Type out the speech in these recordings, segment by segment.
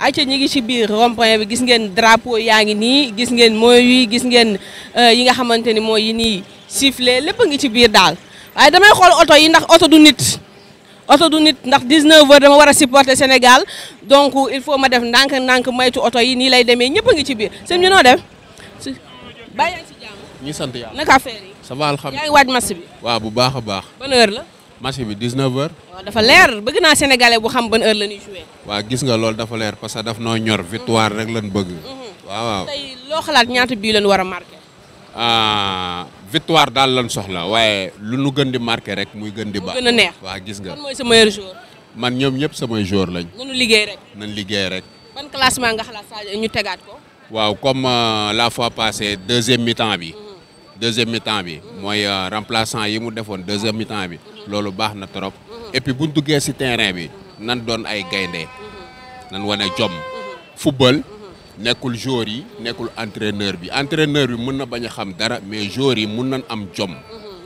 ayca ñi ngi ci biir rond bi gis ngeen drapeau yaa ngi nii gis ngeen mooy yi gis ngeen euh, yi nga xamante ni mooy yi nii sifflé lépp a ngi ci biir daal waaye damay xool oto yi ndax oto du nit oto du nit ndax 19 heures dama war a supporter Sénégal donc il faut ma def ndànk ndànk maytu oto yi nii lay demee ñëpp a ngi ci biir sem bi noo def bàyyi ci jàmm ñu sant yàlla naka affaire yi ça va waaj match bi waaw bu baax a baax ban la match bi 19h. waaw dafa leer bëgg naa sénégalais bu xam ban heure la ñuy joué. waaw gis nga loolu dafa leer parce que daf noo ñor mhm. victoire rek lañ bëgg. Mhm. waaw waaw tey loo xalaat ñaata bii lañ war a marqué. Ah, victoire daal lañ soxla waaye lu nu gën di marqué rek muy gën di. baax gën neex waaw gis nga. kon man ñoom ñëpp sama joueur lañ. nañu liggéey nañ liggéey rek. ban classement nga xalaat Sadio ñu tegaat ko. waaw comme euh, la fois passée deuxième mi bi. Mhm. deuxième mi bi. mooy euh, remplaçant yi mu defoon deuxième mi bi. loolu baax na trop et puis buñ duggee ci terrain bi nan doon ay gaynde nan wane jom football nekkul joueur yi nekkul entraîneur bi entraîneur bi mën na bañ a xam dara mais joueur yi mën nañ am jom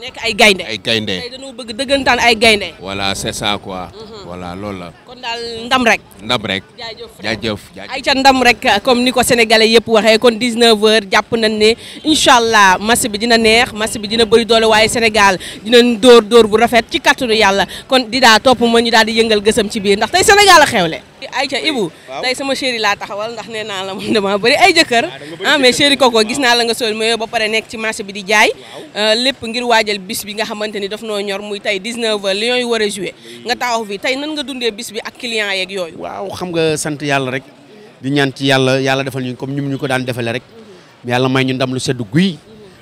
nekk ay gaynde ay gaynde tey dañoo bëgg dëggantaan ay gaynde wala c'est ça quoi. Mhm. voilà loolu la. kon daal ndam rek. ndam rek jaajëf jaajëf. ay ca ndam rek comme ni ko sénégalais yëpp waxee kon 19h jàpp nañ ne incha allah match bi dina neex match bi dina bëri doole waaye Sénégal dinañ dóor dóor bu rafet ci kàttanu yàlla kon di daa topp ma ñu daal di yëngal gësam ci biir ndax tey Sénégal a xewle. ayca Ibou tey sama chéri laa taxawal ndax nee naa la moom dama bëri ay jëkkër ah mais chéri Coco gis naa la nga sol maillot ba pare nekk ci marché bi di jaay euh, lépp ngir waajal bis bi nga xamante ni daf noo ñor muy tey 19h Lions yi war a jouer nga taxaw fi tey nan nga dundee bis bi ak client yeeg yooyu waaw xam nga sant yàlla rek di ñaan ci yàlla yàlla defal ñu comme ñum ñu ko daan defale rek yàlla may ñu ndam lu sedd guy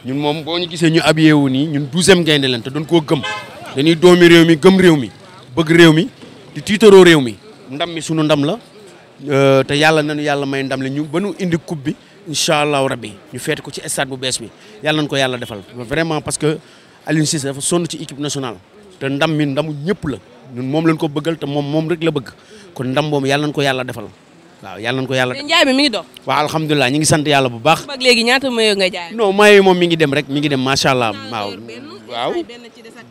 ñun moom boo ñu gisee ñu habillé wu nii ñun douzième gaynde leen doon koo gëm dañuy doomi réew mi gëm réew mi bëgg réew mi di réew mi ndam mi sunu ndam la euh, te yàlla na nañu yàlla may ndam li ñu ba nu indi coupe bi incha allahu rabbi ñu feete ko ci stade bu bees bi yàlla nañu ko yàlla defal vraiment parce que Aliou Cissé dafa ci équipe nationale te ndam mi ndamu ñëpp la ñun moom lañ ko bëggal te moom moom rek la bëgg kon ndam moom yàlla nañu ko yàlla defal. waaw yàlla na ko yàlla. mais njaay mi mi ngi dox. waaw alhamdulilah ñu ngi sant yàlla bu baax. ak léegi ñaata mayo nga jaay. non mayo moom mi ngi dem rek mi ngi dem macha allah. waaw waaw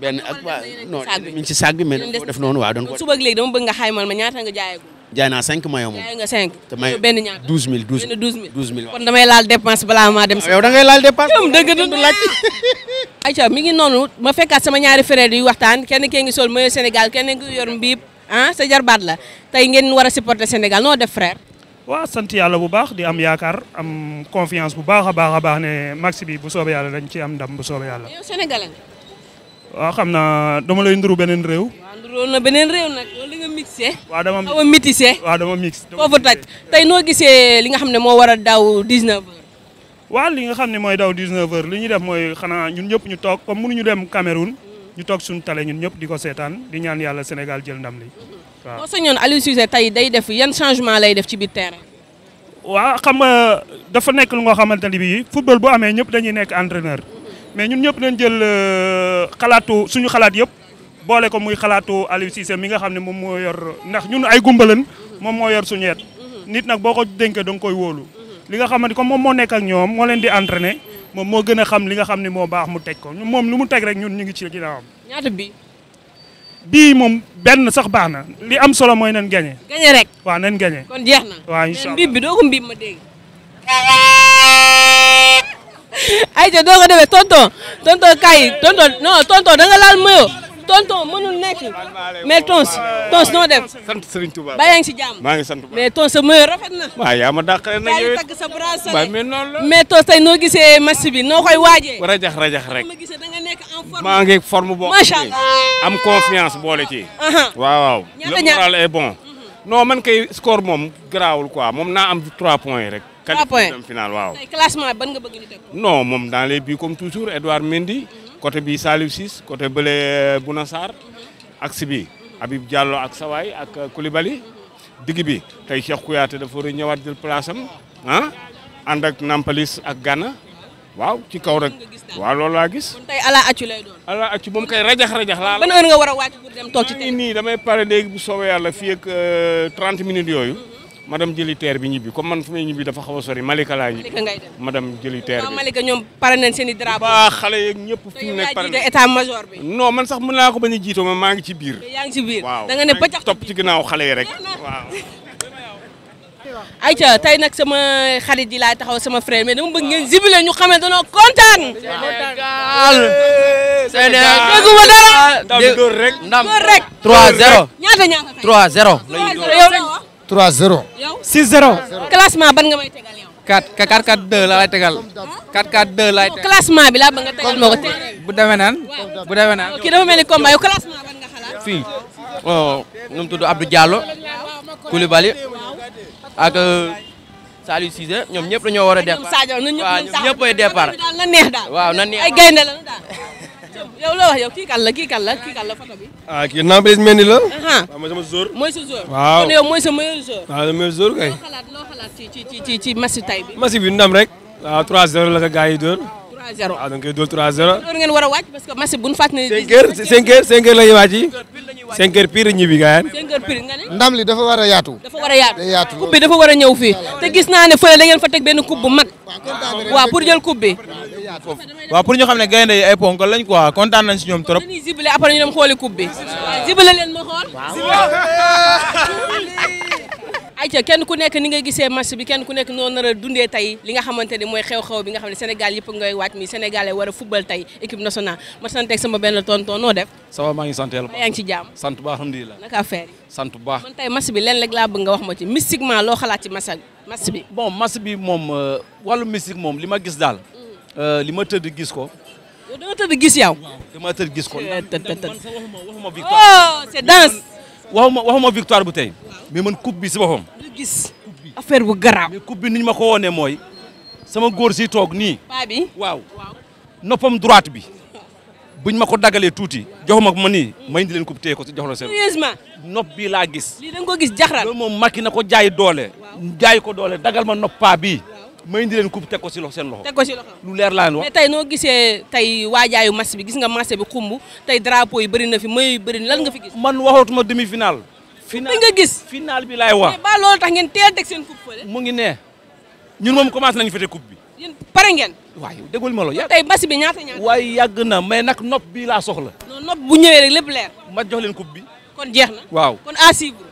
benn ak waa non mi ngi ci saag bi mais dañ ko def noonu waaw. doon ko suba ak léegi dama bëgg nga xaymal ma ñaata nga jaayagul. jaay naa 5 mayo moom. jaay nga 5. te mayo benn ñaata 12000 12000 benn 12000 kon damay laal dépense balaa maa dem. yow da ngay laal dépense. yow dëgg la dëgg la ayca mi ngi noonu ma fekkaat sama ñaari frère yi waxtaan kenn kee ngi sol mayo Sénégal kenn ngi yor mbiib ah sa jarbaat la tey ngeen war a supporter Sénégal noo def frère. waaw sant yàlla bu baax di am yaakaar am confiance bu baax a baax a baax ne max bi bu soobee yàlla dañ ci am ndam bu soobee yàlla. yow xam naa dama lay nduru beneen réew. waaw nduru na beneen réew nag loolu nga mixé. waaw dama mixé xaw a métissé. waaw dama mixé foofu tey noo gisee li nga xam ne moo war a daw 19 heures. li nga xam ne mooy daw 19 heures li ñuy def mooy xanaa ñun ñëpp ñu toog comme mënuñu dem Cameroun. ñu toog suñu tale ñun ñëpp di ko seetaan di ñaan yàlla Sénégal jël ndam li waaw. boo sañoon Aliou Cissé tey day def yan changement lay def ci biir terrain. waaw xam nga dafa nekk lu nga xamante ni bii football bu amee ñëpp dañuy nekk entraîneur mais ñun ñëpp dañ jël euh, xalaatu suñu xalaat yëpp boole ko muy xalaatu Aliou Cissé mi nga xam ne moom moo yor ndax ñun ay gumbalan moom moo yor suñu mhm. nit nag boo ko dénkee da nga koy wóolu mhm. li nga xamante comme moom moo nekk ak ñoom moo leen di entraîner. moom moo gën a xam li nga xam ne moo baax mu teg ko moom lu mu teg rek ñun ñu ngi ci ginnaawam. ñaata bi. bii moom benn sax baax na li am solo mooy nan gagné. gagné rek waaw nan gagné. kon jeex na waaw incha allah bi doo ko mbiib ma dégg. ayca doo ko demee tonton tonton kaay tonton tonton mënul nekk mais tons tons noo def. sant Serigne Touba ba yaa ngi si jàmm. maa ngi sant bu tons sa mooy rafet na. waaw yaa sa bracelet. waaw mais noonu mais tons tey noo gisee match bi noo koy waajee. rajax rajax rek ma gisee da maa ngi forme boo macha allah am confiance boole ci. waaw waaw. le moral mhm. man kay score moom garaawul quoi moom naa am 3 points yi rek. 3 points qualifié final ban nga bëgg ñu moom dans les buts comme toujours côté bi Salif Ciss côté bële Bouna Sarr axe bi Habib Diallo ak Sawaay ak Koulibaly digg bi tey Cheikh Kouyaté dafa war a ñëwaat jël place ah, ànd ak Nampalis ak Gana waaw ci kaw rek waaw loolu laa gis. kon tey ala accu lay doon. ala accu moom kay rajax rajax laa. ban heure nga war nii damay pare léegi bu yàlla fii ak 30 euh, minutes yooyu. madame jëli teer bi ñibbi comme man fu may ñibbi dafa xaw a sori Malika laa ñibbi madame jëli teer bi Malika ñoom pare nañ seen i drapeau xale yeeg ñëpp fi mu nekk pare nañ man sax mën naa ko bañ jiitoo maa ngi ci biir yaa ngi ci biir da nga ne ba tax xale yi rek waaw tey nag sama xarit yi taxaw sama mais dama bëgg ngeen zibilé ñu xamee danoo kontaan Sénégal déggu ma dara rek 3-0 ñaata 3 0. yow 6 0. classement ban nga may tegal yow. 4 4 4 2 laa lay tegal. 4 4 2 laay tegal classement bi laa bëgg tegal moo ko bu demee naan bu demee naan. kii dafa mel ni combat yow classement ban nga xalaat. fii oh, nu mu tudd Abdou Diallo Koulibaly ak euh, Saliou Cissé ñoom ñëpp lañoo war a départ. waaw ñoom ñëpp ay départ. waaw na neex daal ay gaynde la daal. yow loo wax yow kii kan la kii kan kii kan ah, kii Nampalys Mendy la. waaw ah, mooy sama joueur. mooy sa joueur waaw kon yow mooy sa meilleur joueur. waaw ah, kay. loo ci ci ci ci match tay bi. match bi ndam rek. waaw 3-0 la ko gars yi dóor. 3-0 waaw da nga koy dóor 3-0. war parce que match bu ñu fàttali. 5 heures 5 heures 5 heures la cinq heures pire ñibbi gars yi. cinq ndam li dafa war a yaatu. dafa war a yaatu yaatu a gis naa ne fële da ngeen fa teg benn coupe bu mag. waaw pour ne gaynde yi ay ponk lañ quoi kontaan nañ si ñoom trop. dañuy zibilé ayca kenn ku nekk ni nga gisee match bi kenn ku nekk noo nar a dundee tey li nga xamante ni mooy xew-xew bi nga xam ne Sénégal yëpp mi Sénégalais war football tey équipe nationale ma sant ak sama benn tonton noo laa bëgg nga wax ma ci mystiquement loo xalaat ci match match bi euh, ma gis daal mm. euh, li ma gis ko dama tëdd gis yow dama tëdd gis ko man waxuma oh, victoire waxuma waxuma victoire bu tey mais man coupe bi si boppam. ñu gis affaire bu garaaw. mais coupe bi ni ma ko woonee mooy sama góor si toog nii. paa waaw. noppam droite bi buñ ma ko dagalee tuuti joxuma ko ma nii ma indi leen coupe ko si jox la seen. sérieusement nopp bi laa gis. lii da ko gis jaxral. loolu moom makki na ko jaay doole. jaay ko doole dagal ma noppaa paa bii. may indi leen coupe teg ko si loxo seen loxo. teg ko si loxo lu leer laa leen wax. mais noo gisee tey waajaayu match bi gis nga match bi xumb tey drapeau yi bëri na fi mayu bëri lan nga fi gis. man waxatuma demi final. final nga gis final bi laay wax. mais ba loolu tax ngeen teel teg seen coupe fële. mu ngi ne ñun moom commencé nañu fete coupe bi. yéen pare ngeen. waaye déggul ma loolu. tey match bi ñaata ñaata. waaye yàgg na may nag nop bi laa soxla. non nopp bu ñëwee rek lépp leer. ma jox leen coupe bi. kon jeex na waaw kon à suivre.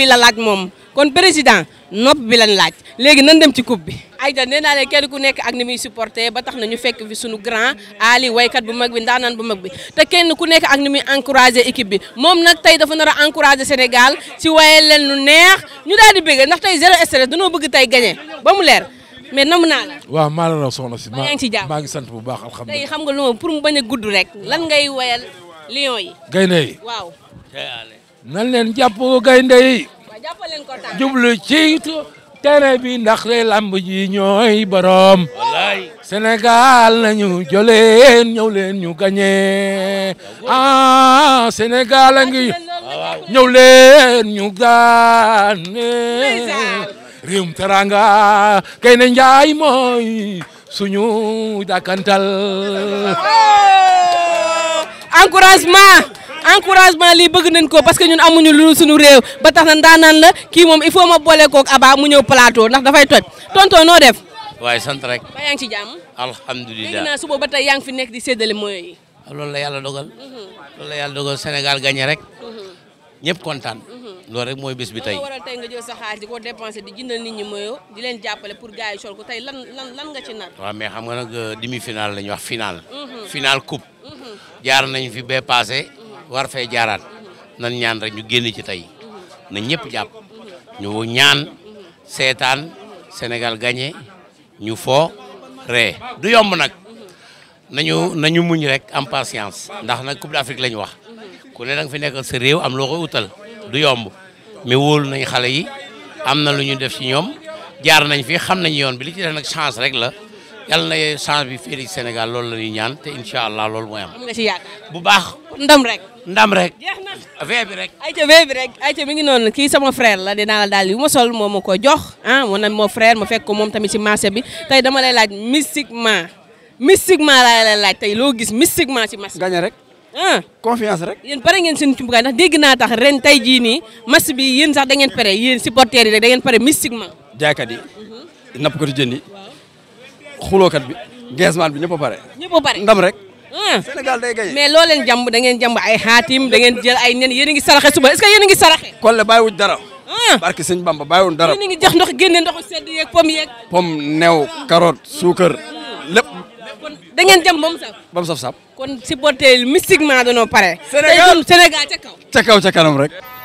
bi la laaj moom kon président nopp bi lañ laaj léegi nan dem ci coupe bi. ayda nee naa leen kenn ku nekk ak ni muy supporté ba tax na ñu fekk fi sunu grand Ali waykat bu mag bi ndaanaan bu mag bi te kenn ku nekk ak ni muy encouragé équipe bi moom nag tey dafa nar a encouragé Sénégal si waye leen lu neex ñu daal di ndax tey zéro stress danoo bëgg tey gagné ba mu leer. mais nam naa la. waaw maa la raw soxna si. maa ngi ci jàmm maa ngi sant bu baax alhamdulilah. xam nga lu ma pour mu bañ a gudd rek lan ngay wayal lion yi. yi nan leen jàpp gaynde yi jublu ci bi ndax re làmb ji ñooy borom Sénégal nañu joleen ñëw leen ñu gañe ah Sénégal a ngi leen ñu gaane réewum teranga gaynde njaay mooy suñu dàkkantal oh! encouragement encouragement lii bëgg nañ ko parce que ñun amuñu lu suñu réew ba tax na la kii moom il faut ma boole kook Aba mu ñëw plateau ndax dafay toj tonton noo def. waaye sant rek. ba yaa ngi ci jàmm. alhamdulilah léegi ba tey yaa ngi fi nekk di séddale moyens loolu la yàlla dogal. Mhm. la yàlla dogal Sénégal gagné rek. Mhm. ñëpp kontaan. Mhm. loolu rek mooy bés bi tey. waral nga jël sa xaalis di ko dépensé di jëndal nit ñi moyo di leen jàppale pour gars yi sol ko tey lan lan lan nga ci nar. waaw mais xam nga nag euh, demi final la ñuy wax final. final coupe. jaar nañ fi bee passé war fee jaaraat nan ñaan rek ñu génne ci tey na ñëpp jàpp ñu ñaan seetaan Sénégal gagné ñu fo ree du yomb nag nañu nañu muñ rek am patience ndax nag Coupe d'Afrique lañ wax ku ne da fi nekkal sa réew am loo koy utal du yomb mais wóolu nañ xale yi am na lu ñu def ci ñoom jaar nañ fi xam nañ yoon bi li ci def nag chance rek la yàlla na yee change bi fii Sénégal loolu la ñuy ñaan te incha allah loolu mooy am. am nga ci yaakaar bu baax. ndam rek. ndam rek. jeex na vee bi rek. ayca vee bi rek ayca mi ngi noonu kii sama frère la dinaa la daal li ma sol moo ma ko jox ah mu ne moo frère ma fekk ko moom tamit ci marché bi tey dama lay laaj mystiquement mystiquement laa lay laaj tey loo gis mystiquement ci marché. gañe rek. ah confiance rek. yéen pare ngeen seen cumbukaay ndax dégg naa tax ren tey jii nii match bi yéen sax da ngeen pare yéen supporters yi rek da ngeen pare mystiquement. jaaykat yi nappkatu jën yi. xulookat bi geesmaan bi ñëpp a pare. ñëpp a ndam rek. Sénégal day gaye. mais loo leen jàmb da ngeen jàmb ay xaatim da ngeen jël ay nen yéen ngi saraxe suba est-ce a ngi saraxe. Kole bàyyiwuñ dara. barke sëñ Bamba bàyyiwuñ dara. yéen a ngi jox ndox génne ndoxu sedd yeeg pomme yeeg. pomme new carotte suukar lépp. kon da ngeen jàmb ba mu saf. ba mu saf saf. kon supporter mystiquement danoo pare. Sénégal tey Sénégal ca kaw. ca kaw ca kanam rek.